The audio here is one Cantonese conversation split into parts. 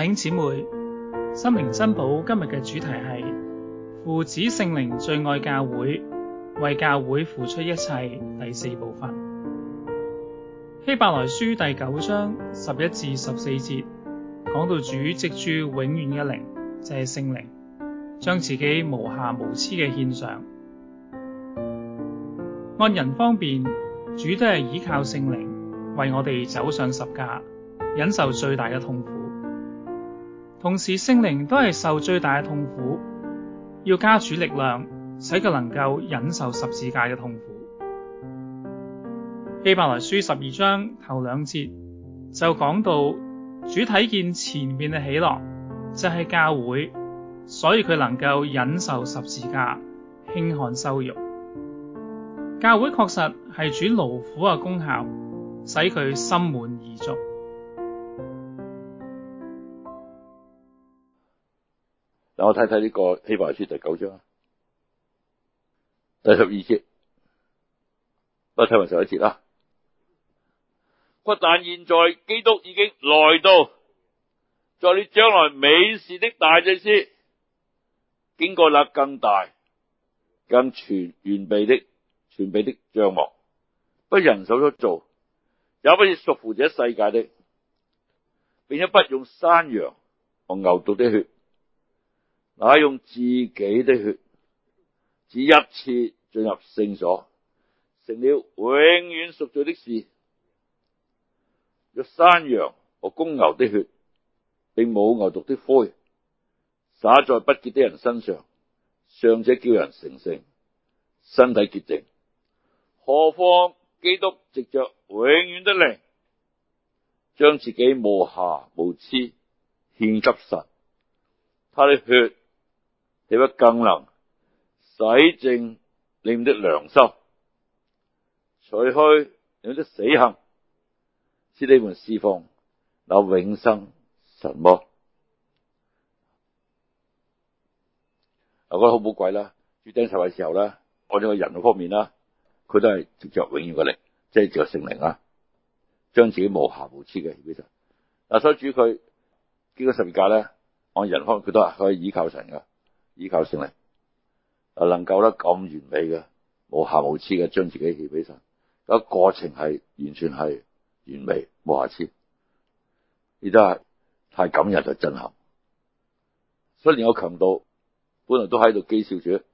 弟兄姊妹，心靈珍寶今日嘅主題係父子聖靈最愛教會，為教會付出一切。第四部分希伯來書第九章十一至十四節講到主藉住永遠嘅靈，就係聖靈，將自己無瑕無疵嘅獻上。按人方面，主都係倚靠聖靈，為我哋走上十架，忍受最大嘅痛苦。同時，聖靈都係受最大嘅痛苦，要加主力量，使佢能夠忍受十字架嘅痛苦。希伯來書十二章頭兩節就講到，主睇見前面嘅喜樂就係、是、教會，所以佢能夠忍受十字架、輕看羞辱。教會確實係主勞苦嘅功效，使佢心滿意足。讓我睇睇呢個《希伯來書》第九章第十二節，我睇埋上一節啦。不但現在基督已經來到，在你將來美事的大祭司，經過那更大、更全完備的、全備的帳幕，不人手所造，也不是屬乎這世界的，並且不用山羊和牛犢的血。那用自己的血，只一次進入聖所，成了永遠贖罪的事。若山羊和公牛的血，並母牛犢的灰，灑在不潔的人身上，尚且叫人成聖，身體潔淨。何況基督藉着永遠的靈，將自己無瑕無疵獻給神，他的血。你會更能洗淨你哋的良心，除去你的死行，使你哋事奉那永生神麼？我覺得好寶貴啦！決定受嘅時候咧，按照個人嗰方面啦，佢都係藉着永遠嘅靈，即係藉着聖靈啦，將自己無瑕無疵嘅獻俾神嗱，所以主佢經過十字架咧，按人方面佢都係可以依靠神噶。依靠性嚟，啊，能夠得咁完美嘅，無瑕無疵嘅，將自己獻俾神。個過程係完全係完美，無瑕疵。亦都係太感人就震撼。所以連我強盜，本嚟都喺度譏笑主，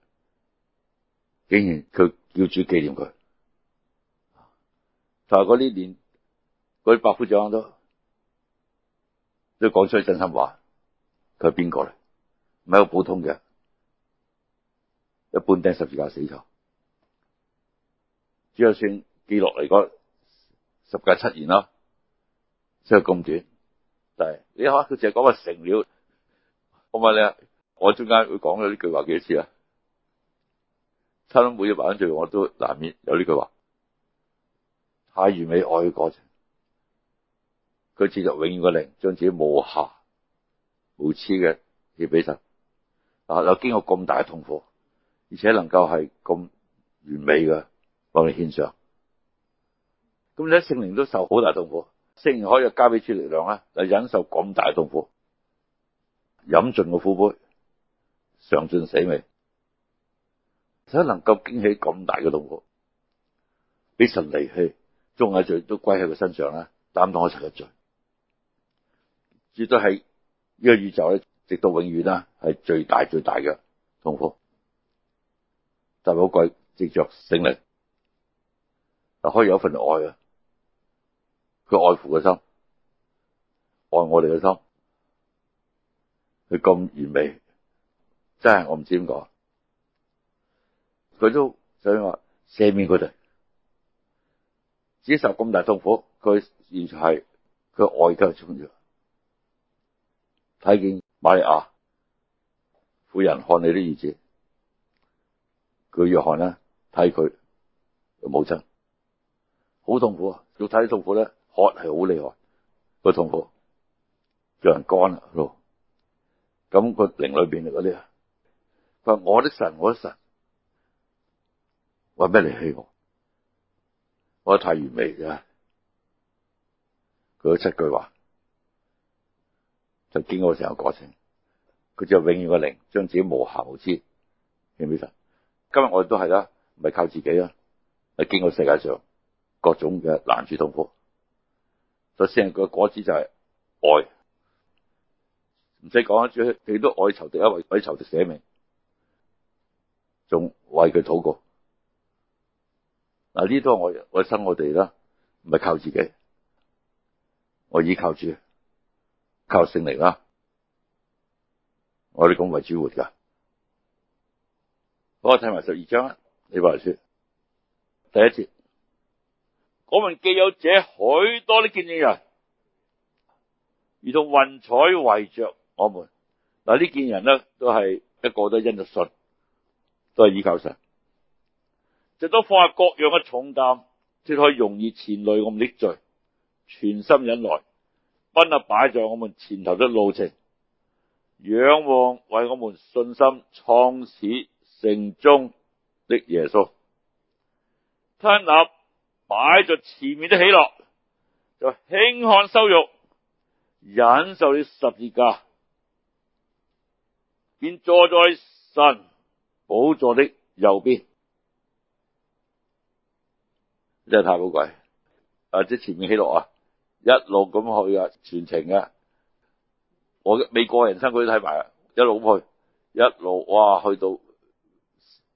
竟然佢叫主紀念佢。但係嗰啲連嗰啲百夫長都都講出真心話。佢係邊個咧？唔係好普通嘅。一般釘十字架死咗，只有算記錄嚟講，十架七言啦，即係咁短。但係你睇下佢淨係講個成了，好唔你呀，我中間會講咗呢句話幾次啊？差唔多每隻白最後，我都難免有呢句話，太完美愛嘅過程，佢接受永遠嘅靈，將自己無瑕、無疵嘅獻俾神，啊又經過咁大嘅痛苦。而且能夠係咁完美嘅，幫你獻上咁，你聖靈都受好大痛苦，聖靈可以交俾主力量啦，就忍受咁大嘅痛苦，飲盡個苦杯，嘗盡死命。所以能夠經起咁大嘅痛苦，俾神離棄，眾人嘅罪都歸喺佢身上啦，擔當我神嘅罪，絕對係呢個宇宙咧，直到永遠啦，係最大最大嘅痛苦。就係好貴，藉著聖靈，又可以有一份愛啊！佢愛父嘅心，愛我哋嘅心，佢咁完美，真係我唔知點講。佢都想以話赦免佢哋，自己受咁大的痛苦，佢完全係佢愛家重要。睇見瑪利亞，婦人看你啲意志。佢約翰啦，睇佢母親好痛、啊、痛，痛苦，要睇痛苦咧，渴係好厲害，個痛苦叫人乾啦。咁個靈裏邊嗰啲，佢話我的神，我的神，我咩嚟欺我？我太完美嘅。佢嗰七句話就經過成個過程，佢就永遠個靈，將自己無瑕無疵，明唔明？今日我哋都係啦，唔係靠自己啦，係經過世界上各種嘅難處痛苦，首先佢個果子就係愛，唔使講，佢都愛愛仇敵啊，為仇敵捨命，仲為佢禱告，嗱呢都係我我生我哋啦，唔係靠自己，我依靠住，靠聖靈啦，我哋講為主活噶。我睇埋十二章啦。你話嚟說，第一節，我們既有這許多的見證人，如同雲彩圍着我們，嗱呢件人呢，都係一個都因着信，都係依靠神，就都放下各樣嘅重擔，可以容易纏累咁嘅罪，全心忍耐，奔那擺在我們前頭的路程，仰望為我們信心創始。成終的耶穌聽立，擺在前面的喜樂，就輕看羞辱，忍受了十字架，便坐在神寶座的右邊。真係太寶貴啊！即前面喜樂啊，一路咁去啊，全程啊，我未過人生佢都睇埋啊，一路咁去，一路哇，去到。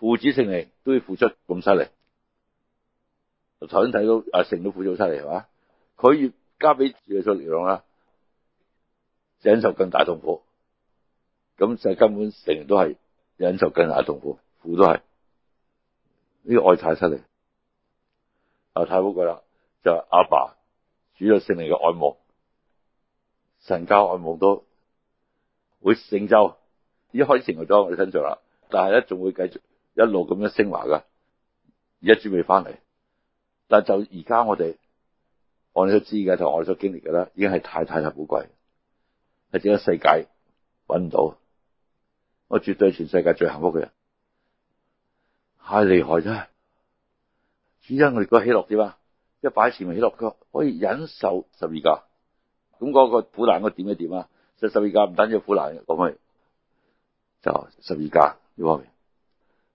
父子聖靈都要付出咁犀利，頭先睇到啊聖、啊、都付出好犀利係嘛？佢要加俾主嘅力量啦，就受就忍受更大痛苦，咁就根本聖都係忍受更大痛苦，苦都係呢個愛產犀利。啊，太好講啦，就係、是、阿爸，爸主咗聖靈嘅愛慕，神家愛慕都會成就，一開始成就咗我哋身上啦，但係咧仲會繼續。一路咁樣升華噶，而家仲未翻嚟。但係就而家我哋，我哋都知嘅，同我哋所經歷嘅啦，已經係太太太寶貴，係整個世界搵唔到。我絕對全世界最幸福嘅人，太厲害真係。依我哋個起落點啊，一擺前面起落腳，可以忍受十二架。咁嗰個苦難個點一點啊，就十二架唔等於苦難嘅咁啊，就十二架呢方面。